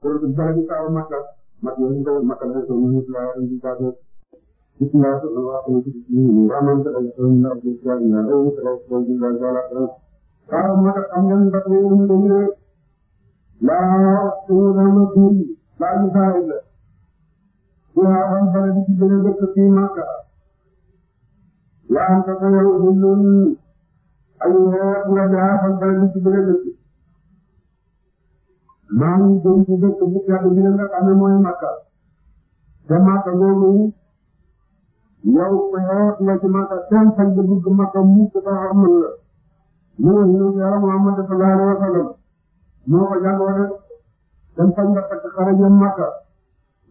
Terus bisa lagi tahu maka maknanya itu maknanya itu menghilangkan kita itu kita Allah itu ini aman terhadap Allah kita ini Allah terhadap kita jalan terus kalau maka kamu yang tak ingin ini la tuhanku la ilaha Tuhan pada di sini berkati maka la anta yang hulun ayuh Allah pada di sini berkati maa ngi denc dëkk bu tedd bi nga Makka te Makka googu yow xeet nga ci Makka seen sañ bi dugg Makka mukk ba xamal la ñu ne ñu yàlla Muhammad sallallahu alayhi wa sallam moo ko jàngoo rek seen sañ nga takk xare jëm Makka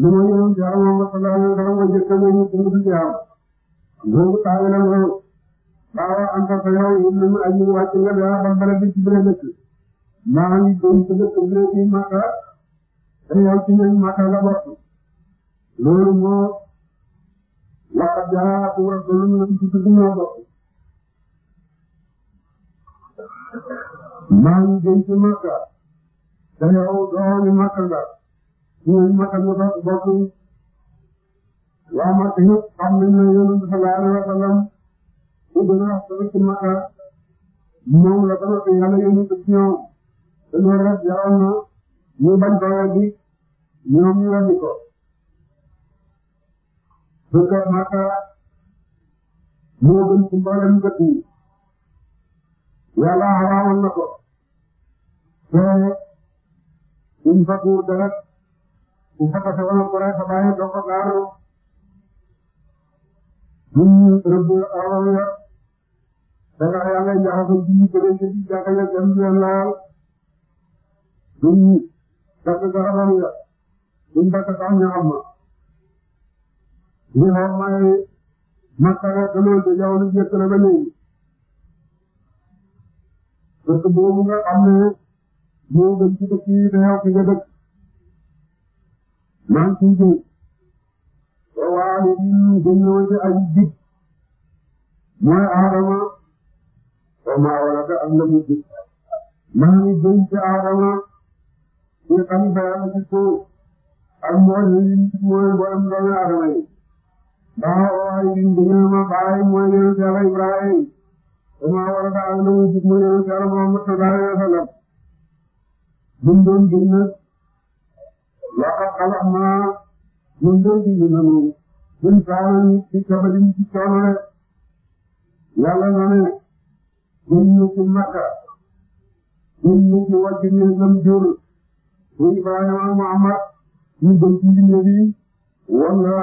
lu ma yëngu yàlla Muhammad sallallahu alayhi wa sallam nga jëkk nga ñu dund ci yàlla googu taawe la nga baawa anta sa yow ibnu aji wàcc ci maa ngi doon tëjee tëjee Makka te yow ci Makka la bokk loolu moo wax jaa ku war a doon ñoom ci ci ñoo bokk. maa ngi doon ci Makka te yow doomu Makka Makka la bokk Makka yëpp xam nañ ne Yonent bi sallallahu alayhi wa sallam ku gën a wax ci Makka moom la ko yàlla te loolu rek yaroon na ñu bañ ko weddi ñoom ñu weddi ko parce que Makka moo gën ci mboolem dëkk yi yàlla xaraamal na ko te une fois pour dara bu fekkee sa wàllu kuréel sa bàyyi doo ko gaaru ñun rëbb awoor ya danga yàlla jaxase ji bëgg ci jàkkale dem leen laal duñ dagg garabam ya duñ dagg sax ñaxam ma li xor may makkara te loolu de yow li jëkk la ba léegi dëkk boobu nga xam ne moo gën ci dëkk yi te yow fi nga dëkk man ci ji te waa li ñu gën ñoo ci ay jib mooy aadama wa maa walaka am la mu jib maa ngi gën ci aadama ci xam bayaan ci suuf ak mooy li mooy borom doomu aadama yi ndax waaye li ñu gën ma baay mooy yonent Yàlla Ibrahima damaa war a baal na muy jub muy yonent Yàlla Muhammad sallallahu alayhi wa sallam ñun doon gën nag laqad xalaqnaa ñun doon gën na moom ñun saa na nit ci kabadin ci coono rek yàlla na ne ñun ñu ci Makka ñun ñu ci wàcc ñu gëm jur su Ibrahima Muhammad ñu gën ci biir bi wala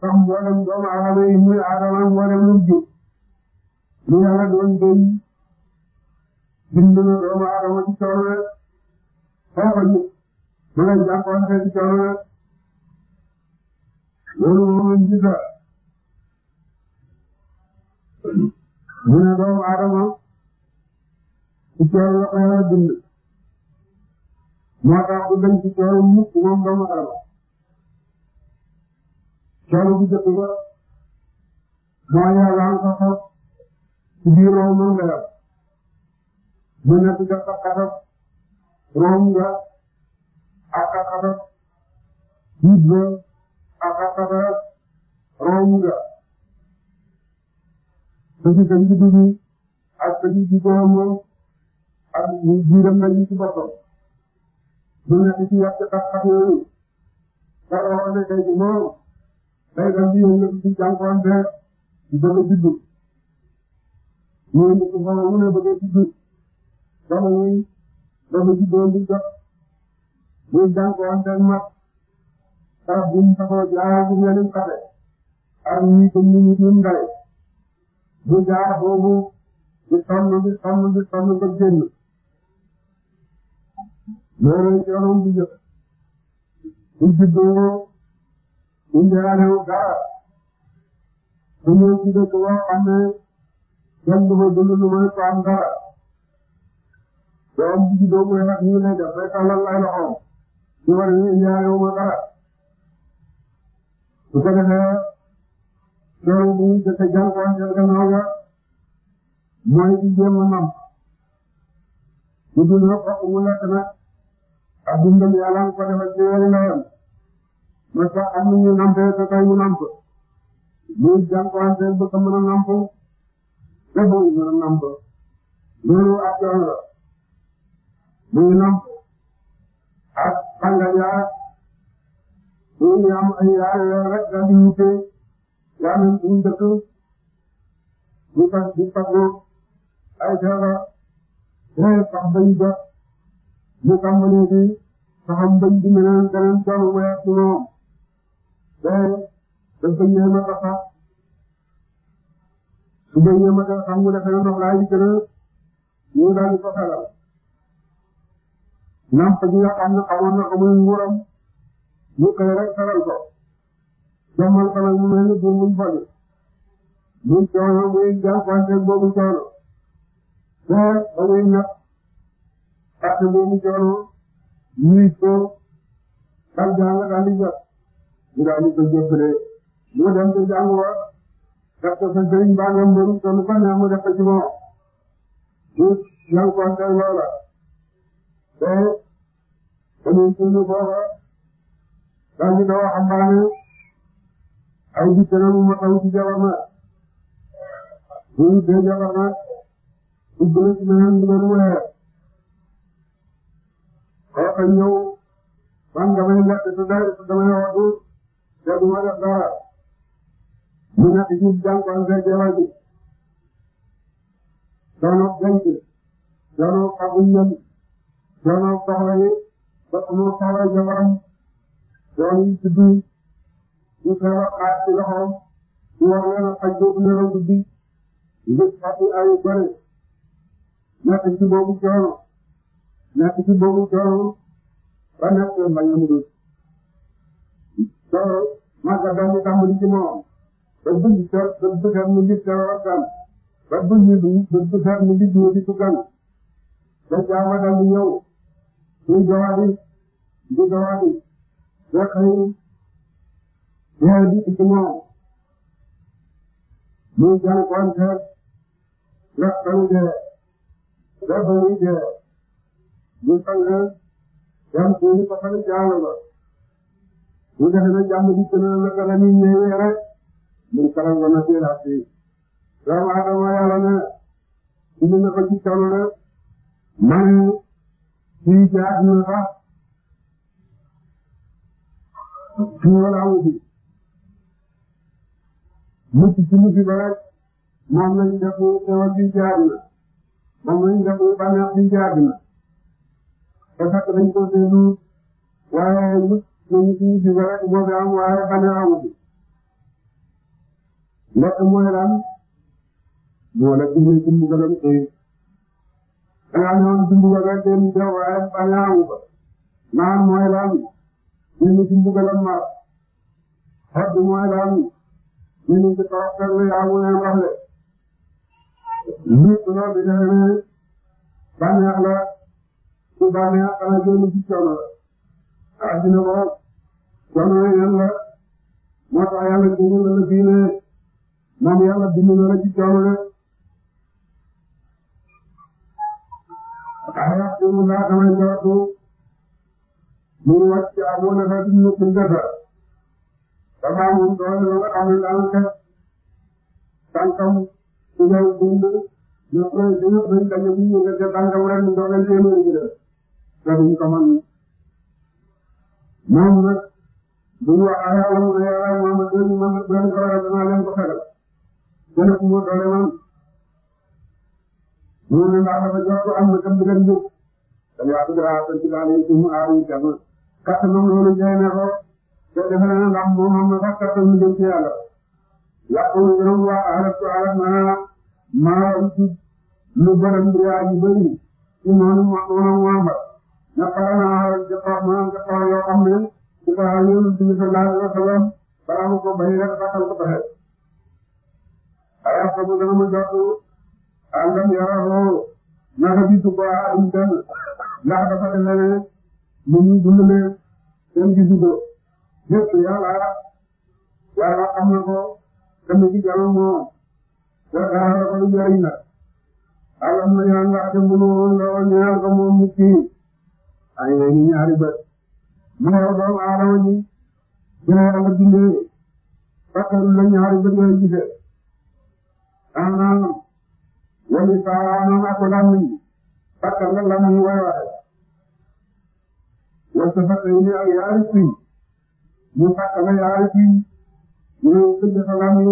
sax mboolem doomu aadama yi muy aadama mboolem lu jub lu yàlla doon doy bind na doomu aadama ci coono foofa ñu mën a jàppante ci coono loolu moom lañ gis la ñu ne doomu aadama ci coono la ko yàlla bind moo tax du bañ ci moom doomu aadama coono bu jëkk ba mooy yàlla ko xob ci biir roow moom la yor mu nekk nga sa xatab roow nga ak sa xatab jiit ba ak sa xatab roow nga sa ci sa njudd bi ak sa ci jikkoom ak jiiram la ñu ci boppam mu nekk ci wàcc xar-xar yooyu dara waxoon ne tey jii moom béykat bi yëngu ci jànkuwante bëgg a juddu ñu ngi ci xaw mu ne bëgg a juddu dama ñuy bëgg a juddoo di jot muy jànkuwante mat dara bu mu taxaw jaar bu ngeen xate ak ñi ko ñu ñu ñu ndare bu jaar boobu di sonn di sonn di sonn ba génn. loolu la ñu di joxe suñ ci dugub suñ jëlaatee dara suñu ci dëkk boo xam ne kenn du fa dund lu may am dara doom bi ci dugub yi nag ñu ngi lay def rek tàllal lay loxoom su ko defee njaareewu ma dara su ko defee loolu bu ñu jotee jànkuwanteel gannaaw ga mooy di jéem a nam su dul lépp mu lekk nag. ak dundam yàlla ko defal ci wéru ndeyam ma sax ak nu ñu nampee te tey mu namp muy jànkuwanteel ba ko mën a namp te bu mën a namp loolu ak yoon la muy namp ak tàngal yaa muy am ay yaay yoo rek daal di wute yaa mel ni dëkk bu fas bu fasoo ay feebar te sax bay jot mu tàmbalee bi saxam bañ di mën a gën a weer ci moom te dafa ñëw a sax su dee ñëw a sax mu defee ndox laay di gën a ñu daal di ko xelal naam fa ñu nga xam ne xamoon na ko muy nguuram ñu koy rek xelal ko jommal ko nag mu mel ni buum buñ fali muy coono muy jànkuwanteeg boobu coono te ba muy ñàkk parce que boobu coono ñuy ko daal jàng daal di jot mu daal di ko jëfandee mu dem te jàng wa def ko sa sëriñ baa nga mbëru te lu ko neex mu def ko ci moom mu jànkuwante loola te dañuy suñu booba daal di doon xambaane ay dikkee mu mataw ci jabar ma muy dee jabar ma ubbi na ci meneen dugal mu weer dafa ñëw man damay lekk te damay wàddu te du ma def dara mu nekk ci jànkuwanteeg yow ji coono jant coono xamuñ leen coono soxla yi ba amul soxla jabaram coono yi ci biir ci feebar xaar ci loxoom ci war leen a faj boobu nelaw guddi ngir fàttali ay bëri nekk ci boobu coono nekk ci boobu coono. ba nekk mbañ na mu dul soo màgg doomu tàmbali ci moom ba dugg ca ba dugg mu gis ca waxtaan ba dugg mu ba mu gis mu gis gan ba jaama dal di ñëw muy jawaati di jawaati ba xëy ñëw di ci moom muy jànkuwante ndax xamu jëlee ba xamu jëlee muy jàmm suñu ko xamee jaala la bu defe na jàmm di gën a lëkkale ñu ñëwee rek mun kalam ba na seen ak si doomu aadama ne suñu na ko ci kaw la man ci jaar na ba rek moom lañ def na moom lañ def bànneex na te fekk nañ ko seenu waaye nit ñi ci ci rek moo fi am waaye xanaa amu fi lekk mooy lan moo la digle ci mbugalam tey xanaa ñëw ci mbugal rek dem jaww waaye xanaa amu fa naan mooy lan ñu ci mbugalam mar xodd mooy lan ñu ngi ci toog fekk la yaa ngi wax de lu loolu dafa ne bànneex la bànneex xanaa jënd ci coono la. àddina moom coono yan la moo tax yàlla déglu la la fii ne moom yàlla dund na la ci coono la. waaye ak déglu laa damay joxatu mu ngi wàcc amoon na fa dund ku njëkk a. damaa moom doole ba nga xam ne daal kat tànkam su ñëw dund ñëpp dañu dañu dañu dañu dañu dañu dañu dañu dañu dañu dañu te duñ ko mën moom nag bu ñu waxee ak moom ay ay moom ak yéen moom ak yéen kawar ak dinaa leen ko fegal gën a moo doole man mu ne ndax dafa jox ko am na tam digal njub te yaa ko jëlaat ci daal yi suñu aar yi kenn kàttan moom loolu jaay na ko te defe naa ndax moom am na sax kàttan mu jëm ci yàlla yàqulu gënam waa alastu alak naa maa ci lu bëram bi yaa ji bëri ci noonu ma naqare naa jokkoo ak maanaam jokkoo yoo xam ne su ko waxee ñun suñu sallallahu alayhi wa sallam balaa mu ko bañ rek baaxal ko pexe. aywa sama dama jox àndam yaroo naka bi su ko waxee dem ndax dafa demee ne lu muy dundalee seen gisu ko yëpp yàlla yàlla xam na ko dama ci jàmm moom dara ko lu jëriñ la. alhamdulilah nga xam ne mënoo woon nga woon ñu naan ko moom nit ki. ay way ni ñaari bët mu yor doomu aadama ñi dina yàlla bindee bakkan la ñaari bët yooyu gisee maanaam wali saanaam ak làmmiñ bakkan la làmmiñ way waxe wala sa bakkan yi ak yaari suñ mu fàq la yaari suñ ñu tëj sa làmmiñ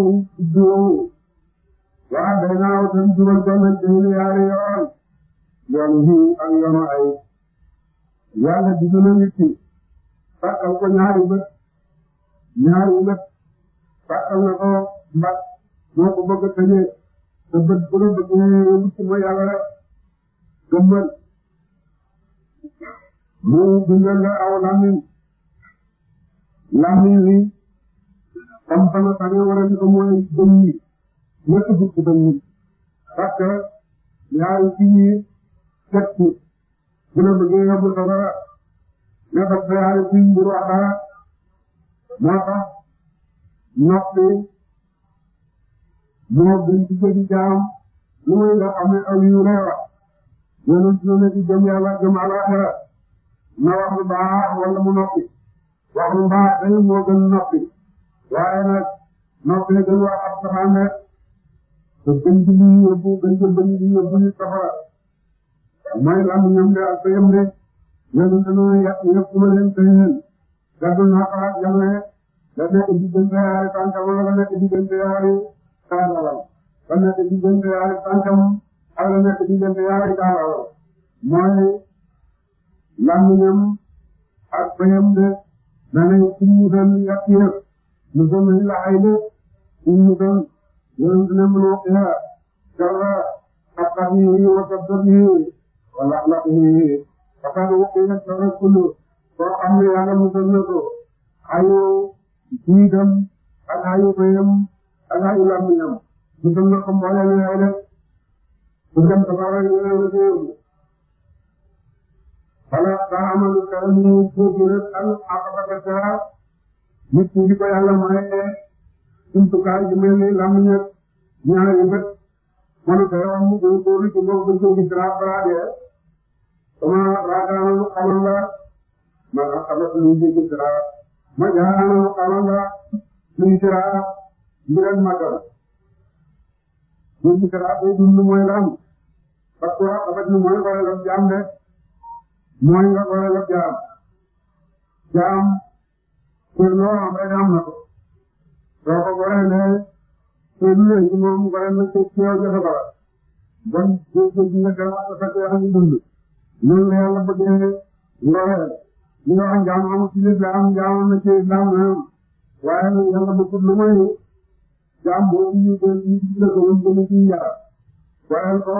duwoo waa day naaw tam dugal doon nañ dañu yaari yoon yoon yi ak yoonu ay yàlla gis na nit ki fàttal ko ñaari bët ñaari bët fàttal na ko mbat moo ko bëgg a tëjee te bëgg yóbbu ci mooy yàlla rek mu bindal la aw làmmiñ làmmiñ wi comme sama sax ko mooy dënn yi ñett fukki dënn yi parce ñaari fii yi teg bu la bëggee yóbbu safara nga xam ne xale si mburu wax dara moo tax noppi moo gën ci jëfi jaam lu muy nga xam ne aw yiw lay wax yonent na ne ci jëm yàlla jëm alaxira na wax lu baax wala mu noppi wax lu baax day moo gën noppi waaye nag noppi gën wax ak saxaan rek te gën ci lii yóbbu gën ci bëñ lii yóbbu safara mooy lan ñoom de ak fayam de ñoom dañoo yàq ñëpp ma leen fay leen gàddu naa xalaat yàlla dañ nekk diggante yaari tànkam wala dañ nekk diggante yaari tànkam dañ nekk diggante yaari tànkam ak dañ nekk diggante yaari tànkam mooy lan ñoom ak fayam de danañ fi mu doon yàq yëpp mu doon nañ la ay de fi mu doon ñoom dina mën a xeex ak xar yi wala sa bët yi. yi faqad wuqina sharru kullu koo xam ne yàlla musal na ko ayu jiidam ak ayu bayam ak ayu làmmiñam musal na ko mbooleem yi def su dem tabarak yàlla ko wala daa amal karamu foofu rek al aqabata saa nit ñi di ko yàlla maye jumtukaay ju mel ni làmmiñ ak ñaari bët mënu ko yoon mu góorgóorlu ci mbokk bu ñu ko gis balaa dee xamal la man xamal suñuy jéggi siraa ma jaanam xamal la suñu siraa mbiran màggal suñu siraa day dund mooy la am parce que xamal ni mooy goreel ab jaam de mooy nga goreel ab jaam jaam kër loo am rek am na ko soo ko goreelee kër lu leen ci moom goreel na ci yow joxe bara bon jéggi nga gën a wax dund loolu la yàlla bëggee lool li nga wax jaamu amul ci lislaam jaamu na ci lislaam am waaye nag yàlla bokkul lu muy jaam boo ñu doon ñu ci dëkk bu ñu ci yàlla waaye ko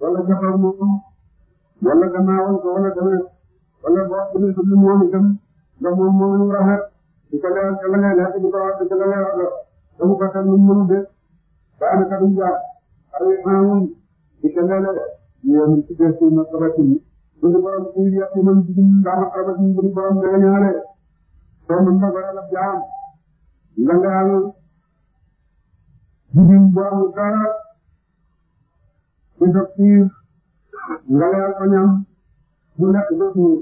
wala jafar moom wala gannaawal ko wala tamit wala boo xam ne suñu moom itam ndax moom moo ñu rafet di ko leeral ca la ngay nekk di ko wax ca la ngay wax te bu ko xam ne mënu de daanaka duñ jaar ay maamum di ko leeral ñu yem ci gëstu na sabati suñu borom suñu yàq man daanaka ba suñu borom dana ñaare soo mën na koy alal jaam nga nga yàlla jiw bu amul dara nga fiir nga leer ko ñam mu nekk ba suur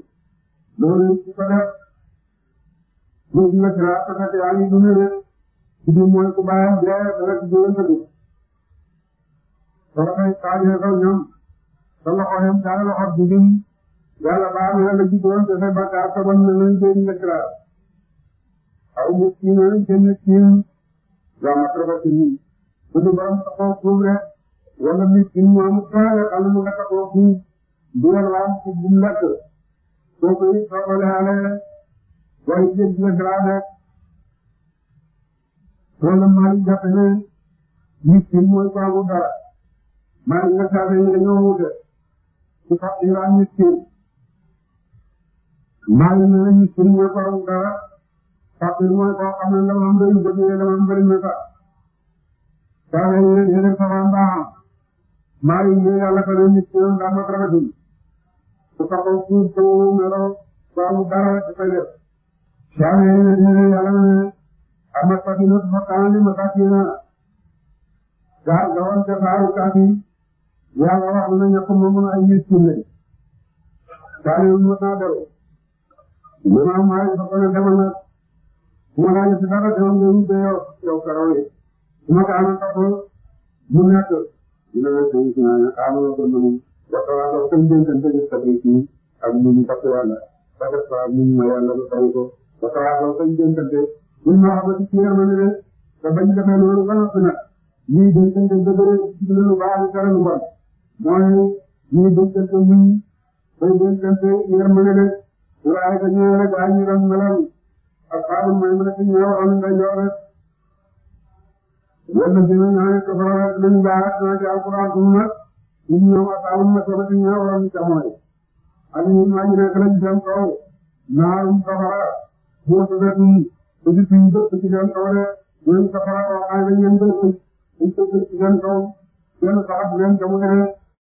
loolu ci ko def mu ngi la sira parce que yaa ngi dund rek jiw mooy ku bàyyam dee rek jiwante bi soo koy kaajee kaw ñam sa loxo yem dara loxo jiw yàlla baal na la jubboon te sa bakkaar sabal na leen seen nekra aw mu kii na leen seen nekkiin waa ma trop si nii bu du borom taxaw suuf rek wala miskin mu amul taale xam mu nga taxaw suuf du la laal ci bu mu lakk soo koy soxale ale waaye jëg la graa rek wala maa ngi jàpp ne miskin mooy ko amul dara maa ngi nga saa dañu dañoo wute su fàttali waa miskin mbaa yi ñu ne ñu mooy borom dara fàttali mooy koo xam ne dama mbëri nga jëlee dama mbëri na sax saa yoo yéen yéen a soxla mbaaxam mbaa yi ñu ne yàlla fa leen nit ki noonu daa ma rafetul su ko ko suuf ko meloo baamu dara rek dafay def. saa yoo yéen yéen a yàlla ne amat fa dina fa kaan li ma bàcc na gaa nga woon ca baaru kaati yàlla wax na ñàkk ma mun ay nit ki ne saa yoo mën naa dellu. maanaam maa ngi soxla demal na su ma laajee si dara demal nga wut ba yow yow keroog yi su ma kaa nekk mu nekk dina la sëñ si naan xaaral ko moom waxtaan ak comme dénk nga gis ko ci ak ñun parce que yàlla parce que waa ñun ma yàlla ba fay ko waxtaan ak comme dénk nga ñun ma wax ba ci kii ma ne de te bañ defee loolu ba noppi nag ñuy dénk nga dëgëre ci lu baax dara lu bon mooy ñuy dénk nga ñun bay dénk nga yërmande de walaay ka ñu doon meloon ak xaalis mooy mu nekk ñëw am nañ la rek wala si ñun ñoo nekk foofu rek luñ baax ñoo ci alquran suñu nag ñun ñoom ak ñu jamono yi. ak ñun waa ñu nekk lañ seen kaw naarum safara boo ko def ñun aussi suñu dëkk ci seen kaw de ñun safara waxaay la ñu leen